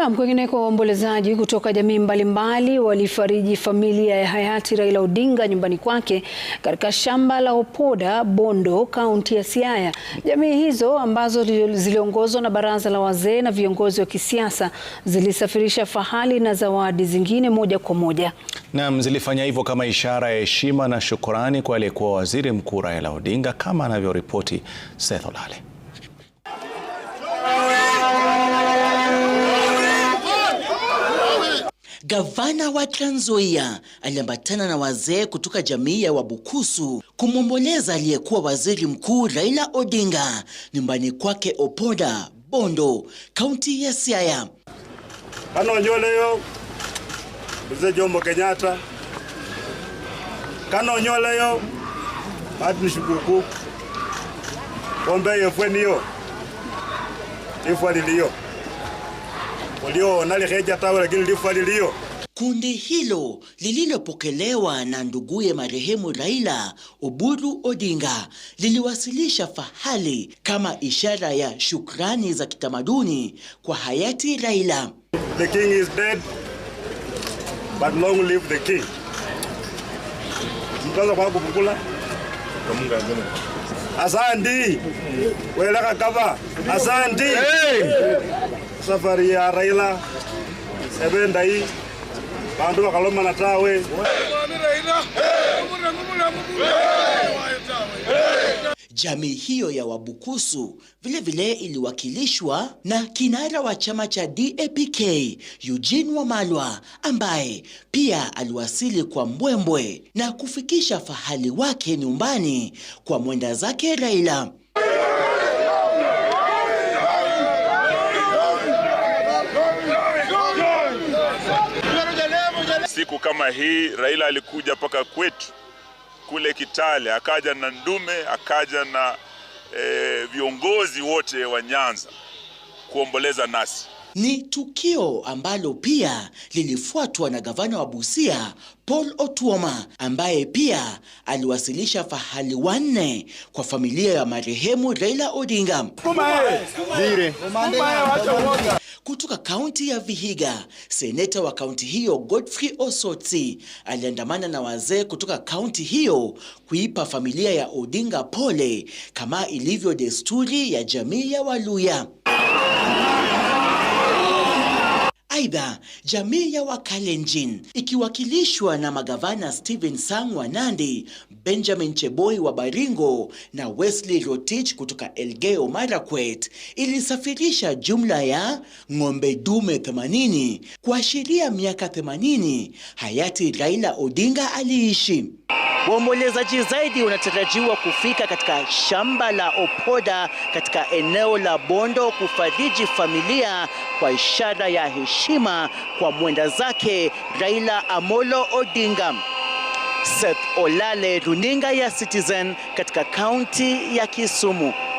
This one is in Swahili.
Naam, kwingineko waombolezaji kutoka jamii mbalimbali walifariji familia ya hayati Raila Odinga nyumbani kwake katika shamba la Opoda, Bondo, kaunti ya Siaya. Jamii hizo ambazo ziliongozwa na baraza la wazee na viongozi wa kisiasa zilisafirisha fahali na zawadi zingine moja kwa moja. Naam, zilifanya hivyo kama ishara ya heshima na shukurani kwa aliyekuwa Waziri Mkuu Raila Odinga kama anavyoripoti Seth Olale. Gavana wa Trans Nzoia aliambatana na wazee kutoka jamii ya Wabukusu kumwomboleza aliyekuwa waziri mkuu Raila Odinga nyumbani kwake Opoda, Bondo, kaunti ya Siaya. Kana onyoleyo mzee Jomo Kenyatta, kana onyoleyo Martin Shikuku, ombeye fweniyo ifwaniliyo tawe lakini Kundi hilo lililopokelewa na nduguye marehemu Raila Oburu Odinga liliwasilisha fahali kama ishara ya shukrani za kitamaduni kwa hayati Raila. The king is dead, but long live the king. kwa kava. Hey safari ya Raila Sebendai bandu na tawe Jamii hiyo ya Wabukusu vilevile iliwakilishwa na kinara wa chama cha DAPK Eugene Wamalwa ambaye pia aliwasili kwa mbwembwe na kufikisha fahali wake nyumbani kwa mwenda zake Raila siku kama hii Raila alikuja mpaka kwetu kule Kitale, akaja na Ndume, akaja na e, viongozi wote wa Nyanza kuomboleza nasi. Ni tukio ambalo pia lilifuatwa na gavana wa Busia Paul Otuoma ambaye pia aliwasilisha fahali wanne kwa familia ya marehemu Raila Odinga. Kutoka kaunti ya Vihiga, seneta wa kaunti hiyo Godfrey Osotsi aliandamana na wazee kutoka kaunti hiyo kuipa familia ya Odinga pole kama ilivyo desturi ya jamii ya Waluya. Aidha, jamii ya Wakalenjin ikiwakilishwa na magavana Stephen Sang wa Nandi, Benjamin Cheboi wa Baringo na Wesley Rotich kutoka Elgeyo Marakwet ilisafirisha jumla ya ng'ombe dume 80 kuashiria miaka 80 hayati Raila Odinga aliishi. Waombolezaji zaidi wanatarajiwa kufika katika shamba la Opoda katika eneo la Bondo kufariji familia kwa ishara ya heshima kwa mwenda zake Raila Amolo Odinga. Seth Olale, runinga ya Citizen katika kaunti ya Kisumu.